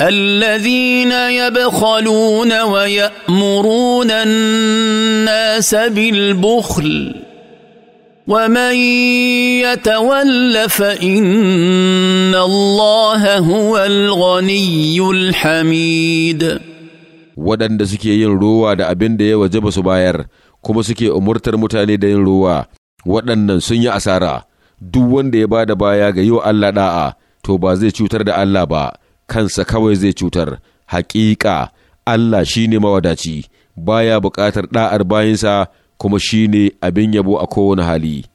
الذين يبخلون ويأمرون الناس بالبخل ومن يتول فإن الله هو الغني الحميد waɗanda suke yin ruwa da abin da ya wajaba su bayar kuma suke umurtar mutane da yin ruwa waɗannan sun yi asara duk wanda ya ba da baya ga yi wa Allah ɗa'a to ba zai cutar da Allah ba kansa kawai zai cutar haƙiƙa Allah shi ne mawadaci baya buƙatar ɗa'ar bayansa kuma shi ne abin yabo a kowane hali